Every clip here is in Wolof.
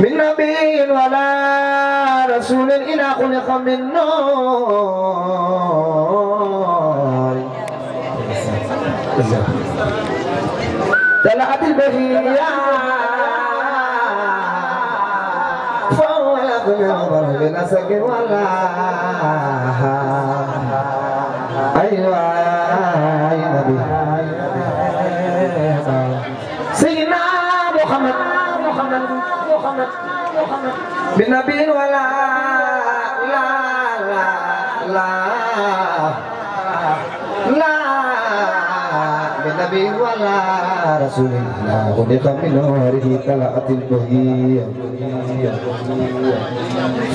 من نبي ولا رسول إلا خلق من نور طلعت البهية فهو يقنع برب نسك ولا أين بنبي ولا لا لا لا لا بنبي ولا رسول الله خلق من نوره كالأت البهية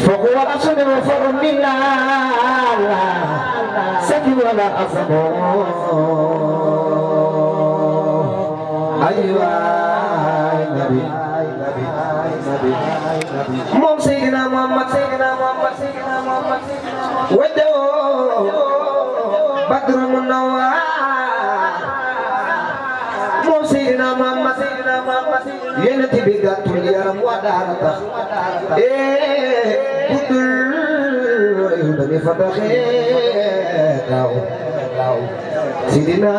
فهو أشد وفر من لا لا سكن ولا أصبر أيوه moom Seydina Muhammad Seydina Muhammad Seydina Muhammad weddoo badru munawwar moom Seydina Muhammad Seydina Muhammad yonent bi gàttul yaram wa daara tax ee eh, guddul dami fataxee daaw Sidina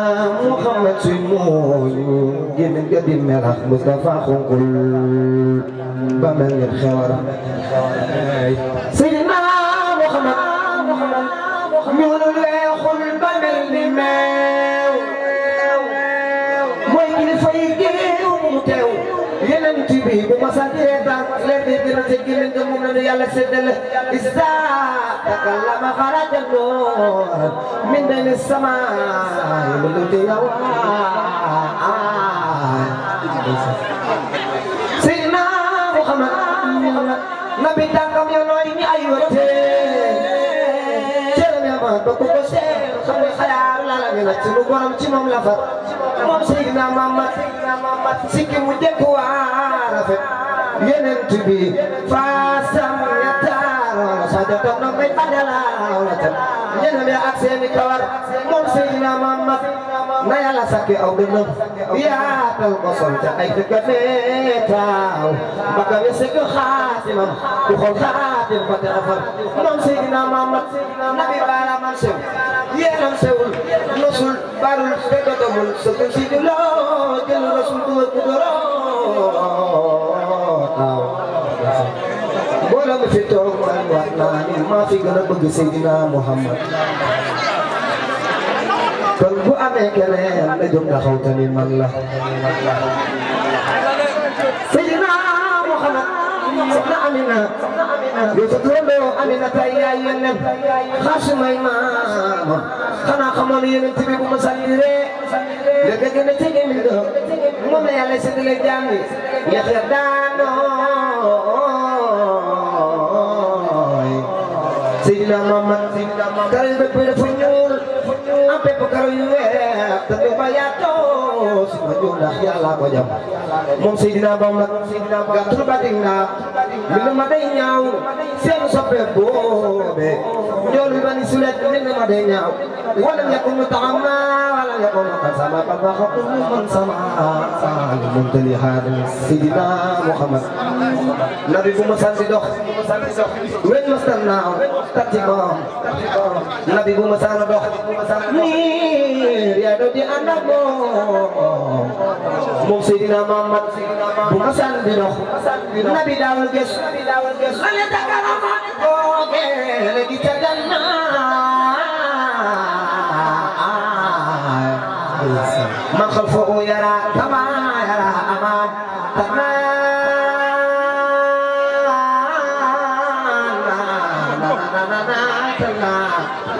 Muhammad suy mooñ génn ga di melax Mustafa xunkul ba mel ni xewar Seydina Muhammad ñu lu leexul ba mel ni meew mooy kilifa yi géew mu teew yeneen ci bi bu ma sant reetaan leen di dina ci gilin nga moom la yàlla séddale isaa takallama xaraja noor min dali sama lu lu na bi tànkam yo nooy ni ay wëtte cëram ma dokku ko seer xam ne la la mi na ci lu borom ci moom la far moom Seydina Mamat sikki mu jëkk waa rafet yenent bi faasam ya taaroola sa jotam na may adalaaw la tam ñenam ya ak seeni kawar moom Seydina Mamat na yàlla sàkke aw dënnam yaatal ko sol ca ay fekk nee taaw mbaka we sëgg xaatimam ku xool xaatim fa te afal moom Seydina Muhammad nabi baaraamam sew yeenam sewul nosul barul te dodomul sëgg si di loo jël rasul duwal ku doroo taaw mbooloo mi fi toog man waat naa ni maa fi gën a bëgg Seydina Muhammad kon bu amee keneen na jóg nga xaw tani man la Sayyidina Muhammad soxna Amina yow sa turandoo Amina tay yaay yeneen xaasu may maama xanaa xamoon yeneen tibi bu ma salliree la dëgg na tege mi do moom la yàlla séddale jaam yi yax ya daanooy Sayyidina Muhammad te bukar yu weex te du ma yaatoo su ma juum ndax yàlla ko jam moom Seydina Bamba gàttul ba dégg naa minna ma day ñaaw seen soppe boobe njool wi bani sulet minna ma day ñaaw wala yakunu taama wala yakunu kasama qad xatumu man sama li muntali haada sidina muhammad nabi bu ma santi dox wen mastan naaw tatti boom nabi bu ma saana dox nii ya do di ànd ak moom moom Seydina Muhammad bu masaan di dox nabi daawal gës la le takarama googe le di ca janna man xalfahu yara kama yara aman kama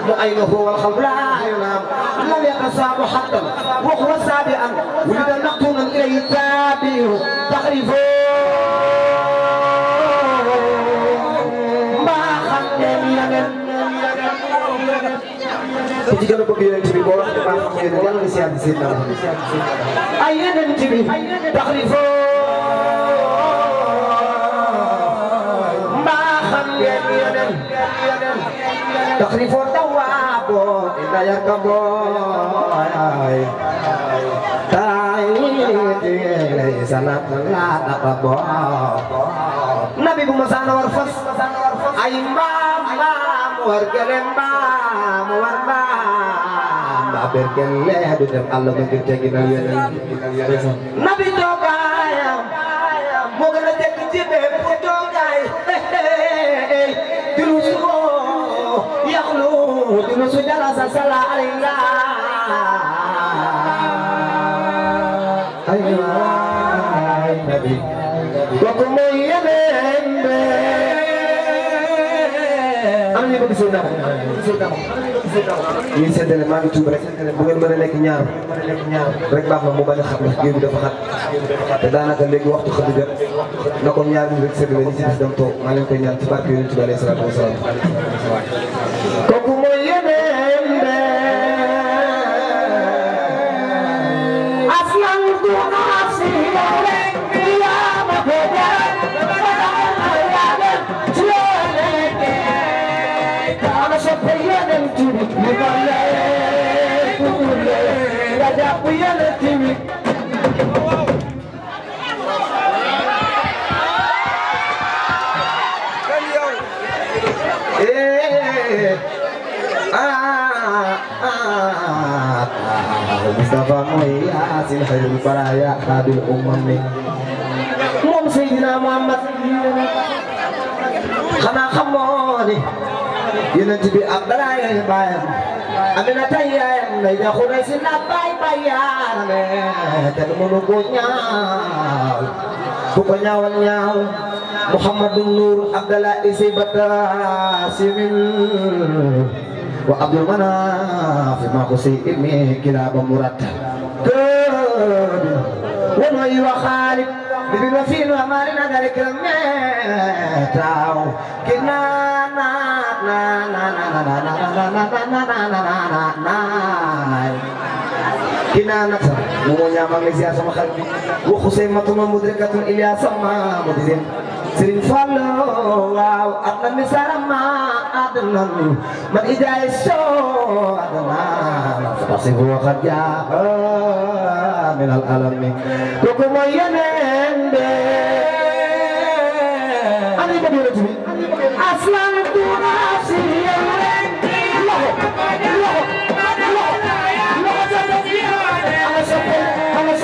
mu aynahu wal xamla أسى محدم وهو سابعا ولد نقطون إليه تابعه تخريفه ci gën a bëgg yonent bi boo waxee baax xam ngeen yàlla na siyaat si na ay yeneen ci bi taxrifo mbaa xam ngeen yeneen taxrifo yakabo inda yakabo ay ay tay sana la takabo nabi bu masana war fas ay mbaam mbaam war gele mbaam war mbaam ba berkel le du dem Allah ba ngir tegi na yene nabi dogaayam mo gën a teg ci bépp dogaayam صلى علينا أيها النبي am nañu bëgg suuf dama suuf dama yéen seddale maa ngi tuub rek bu ngeen mën a ñaar rek baax na mu bañ a xat ndax géew bi dafa xat te daanaka léegi waxtu xat bi jot na ko ñaar ñu rek seddale ñu si des dem toog maa leen koy ñaan ci barke yonent bi alayhi salaatu wasalaam timi mu ballee ku kulle nga jàpp yàlla timi Mustafa mooy yaasin xayrul baraaya xaadul umam mi moom Seydina Muhammad xanaa xamoo ni yonent bi Abdalaa yaay baayam Aminata yaayam ndey ja Xurays na baay ba yaarame te du mënu ko ñaaw bu ko ñaawal ñaaw Muhammadu Nuur Abdalaa isi bata simin wa Abdul Manaaf maa ko si imi kilaaba murat ونوي وخالد ببن وفين ومالنا ذلك المتاع كنا dinaa nag sax mu moo ñaama ngi siyaar sama xarit bi waxu say matuma mudrikatun ilaa sama mu di dem Sëriñ Fallu waaw ak na mi sarama adnan man idaay soo adnan parce que waxat jaa min al alami kooku mooy yeneen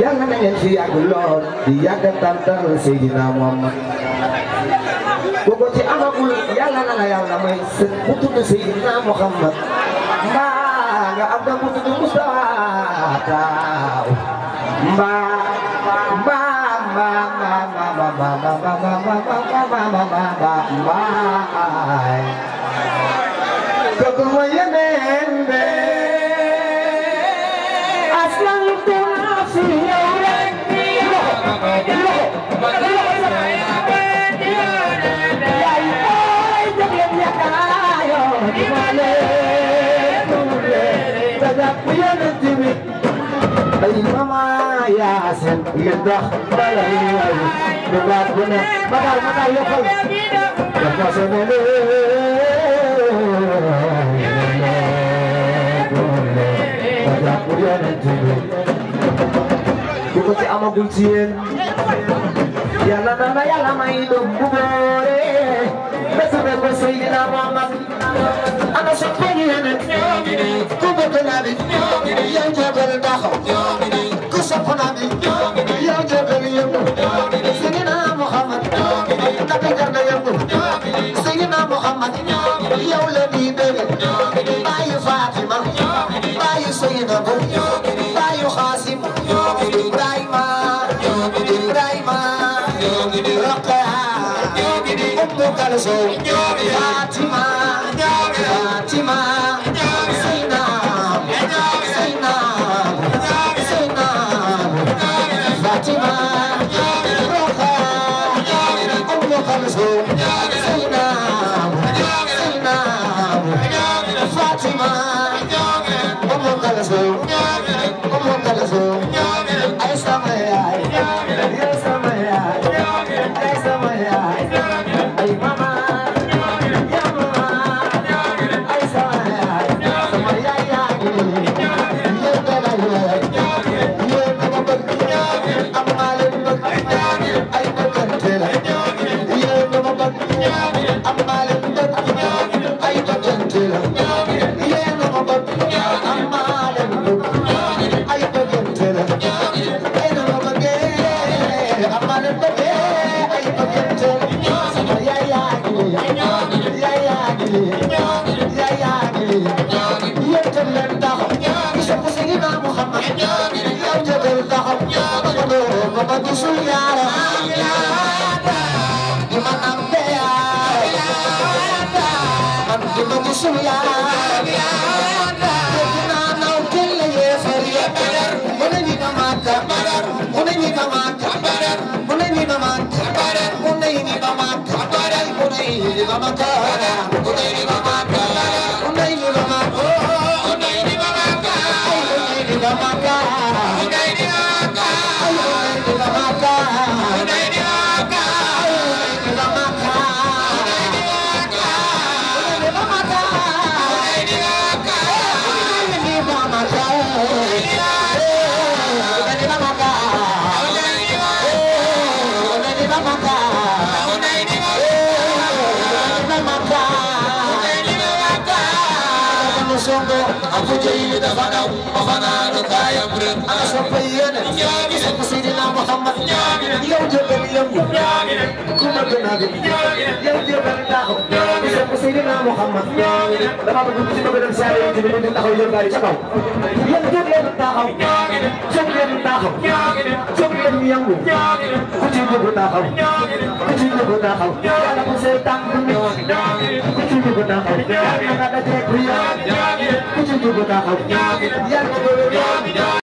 yàlla na ngeen fi yàgg lool di yàgg tantal Seydina Muhammad kooku ci amagul yàlla na la yàlla may sët bu tudd Seydina Muhammad mbaa nga am na bu tudd Mustafa taaw mbaa mbaa mbaa mbaa mbaa mbaa mbaa mbaa mbaa mbaa mbaa mbaa mbaa mbaa ياسين يدخ بلاي بلاد بنا بدل بدل يخل يخلصن لي بدل بدل ينتهي amagul ci yéen yàlla na la yàlla may doom bu boore bésu be ko Seydina Muhammad ana soppeeku yeneen ku bëgg naa di yow jébal taxaw ku sopp naa di yow jébal yëngu Seydina Muhammad tapi jar na yëngu Seydina Muhammad yow la di bëgg da so Fatima Fatima Zainab Thank you. Sumya, ومكانا غير koyi da fadau ba fananu kayan burin ana son bayyana sun sayidina muhammad yau je gani yau kuma gana gani yau je gani lahu sun sayidina muhammad damaa bëgg bu ci bëgg a dem saa yëngu bi ñu taxaw yéen daal ca kaw yéen jóg leen taxaw jóg leen taxaw jóg leen ñu yëngu ku ci jóg taxaw ku ci jóg taxaw yàlla ko see tànk mi ku ci jóg taxaw yàlla nga dajee ku ci jóg taxaw yàlla